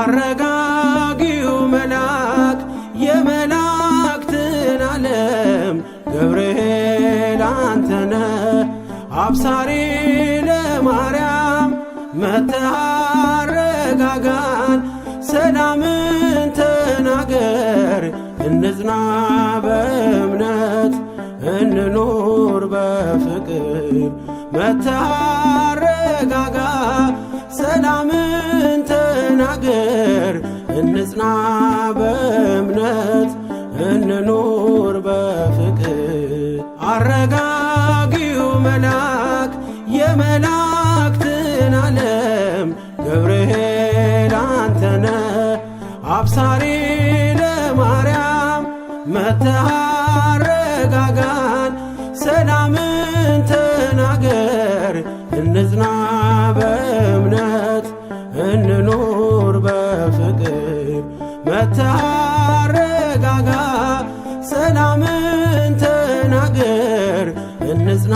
አረጋጊው መልአክ የመላእክትን ዓለም ገብርኤል አንተነ አብሳሪ ለማርያም መተረጋጋን ሰላምን ተናገር እንጽና በእምነት እንኑር በፍቅር መታ እንጽና በእምነት እንኑር በፍቅር። አረጋጊው መልአክ የመላእክትን ዓለም ገብርኤል አንተነ አብሳሪ ለማርያም መተሃ ሰላምን ተናገር እንጽና በእምነት መተረጋጋ ሰላምን ተናገር እንጽና